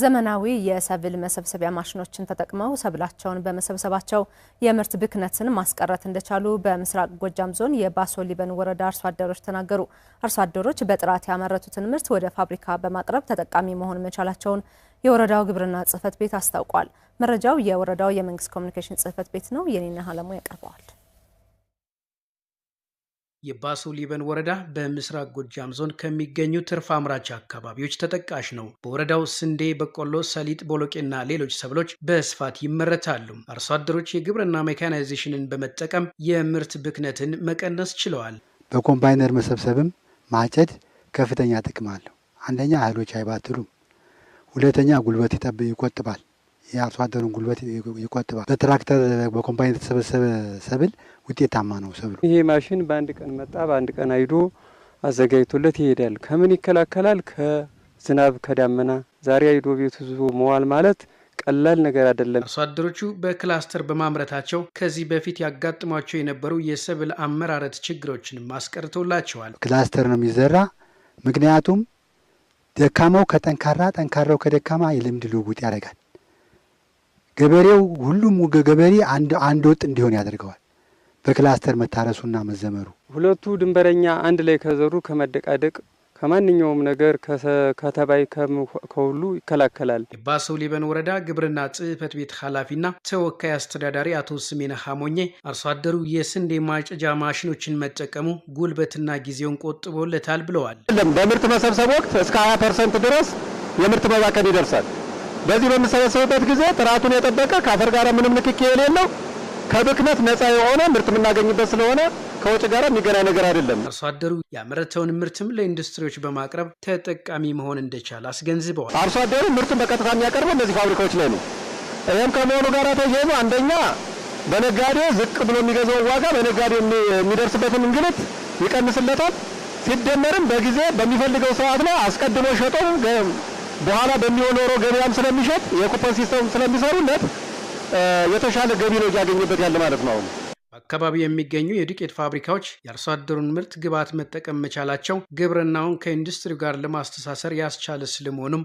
ዘመናዊ የሰብል መሰብሰቢያ ማሽኖችን ተጠቅመው ሰብላቸውን በመሰብሰባቸው የምርት ብክነትን ማስቀረት እንደቻሉ በምስራቅ ጎጃም ዞን የባሶ ሊበን ወረዳ አርሶ አደሮች ተናገሩ። አርሶ አደሮች በጥራት ያመረቱትን ምርት ወደ ፋብሪካ በማቅረብ ተጠቃሚ መሆን መቻላቸውን የወረዳው ግብርና ጽሕፈት ቤት አስታውቋል። መረጃው የወረዳው የመንግስት ኮሚኒኬሽን ጽሕፈት ቤት ነው። የኔና ሀለሙ ያቀርበዋል። የባሶ ሊበን ወረዳ በምስራቅ ጎጃም ዞን ከሚገኙ ትርፍ አምራች አካባቢዎች ተጠቃሽ ነው። በወረዳው ስንዴ፣ በቆሎ፣ ሰሊጥ፣ ቦሎቄና ሌሎች ሰብሎች በስፋት ይመረታሉ። አርሶ አደሮች የግብርና ሜካናይዜሽንን በመጠቀም የምርት ብክነትን መቀነስ ችለዋል። በኮምባይነር መሰብሰብም ማጨድ ከፍተኛ ጥቅም አለው። አንደኛ እህሎች አይባትሉም፣ ሁለተኛ ጉልበት ይቆጥባል። የአርሶ አደሩን ጉልበት ይቆጥባል። በትራክተር በኮምፓኒ የተሰበሰበ ሰብል ውጤታማ ነው ሰብሉ። ይሄ ማሽን በአንድ ቀን መጣ፣ በአንድ ቀን አይዶ አዘጋጅቶለት ይሄዳል። ከምን ይከላከላል? ከዝናብ ከዳመና። ዛሬ አይዶ ቤቱ ዙ መዋል ማለት ቀላል ነገር አይደለም። አርሶ አደሮቹ በክላስተር በማምረታቸው ከዚህ በፊት ያጋጥሟቸው የነበሩ የሰብል አመራረት ችግሮችንም አስቀርቶላቸዋል። ክላስተር ነው የሚዘራ ምክንያቱም ደካማው ከጠንካራ ጠንካራው ከደካማ የልምድ ልውውጥ ያደርጋል። ገበሬው ሁሉም ገበሬ አንድ ወጥ እንዲሆን ያደርገዋል። በክላስተር መታረሱና መዘመሩ ሁለቱ ድንበረኛ አንድ ላይ ከዘሩ ከመደቃደቅ ከማንኛውም ነገር ከተባይ ከሁሉ ይከላከላል። የባሶ ሊበን ወረዳ ግብርና ጽህፈት ቤት ኃላፊና ተወካይ አስተዳዳሪ አቶ ስሜነ ሀሞኜ አርሶ አደሩ የስንዴ ማጨጃ ማሽኖችን መጠቀሙ ጉልበትና ጊዜውን ቆጥቦለታል ብለዋል። በምርት መሰብሰብ ወቅት እስከ 20 ፐርሰንት ድረስ የምርት መባከን ይደርሳል። በዚህ በምሰበሰብበት ጊዜ ጥራቱን የጠበቀ ከአፈር ጋር ምንም ንክኪ የሌለው ከብክነት ነፃ የሆነ ምርት የምናገኝበት ስለሆነ ከውጭ ጋር የሚገናኝ ነገር አይደለም። አርሶ አደሩ ያመረተውን ምርትም ለኢንዱስትሪዎች በማቅረብ ተጠቃሚ መሆን እንደቻለ አስገንዝበዋል። አርሶ አደሩ ምርቱን በቀጥታ የሚያቀርበው እነዚህ ፋብሪካዎች ላይ ነው። ይህም ከመሆኑ ጋር ተያይዞ አንደኛ በነጋዴ ዝቅ ብሎ የሚገዛውን ዋጋ በነጋዴ የሚደርስበትን እንግልት ይቀንስለታል። ሲደመርም በጊዜ በሚፈልገው ሰዓት ላይ አስቀድሞ ሸጦ በኋላ በሚሆን ዶሮ ገበያም ስለሚሸጥ የኩፖን ሲስተም ስለሚሰሩለት የተሻለ ገቢ ነው እያገኘበት ያለ ማለት ነው። በአካባቢው የሚገኙ የዱቄት ፋብሪካዎች የአርሶ አደሩን ምርት ግብዓት መጠቀም መቻላቸው ግብርናውን ከኢንዱስትሪው ጋር ለማስተሳሰር ያስቻለ ስለመሆኑም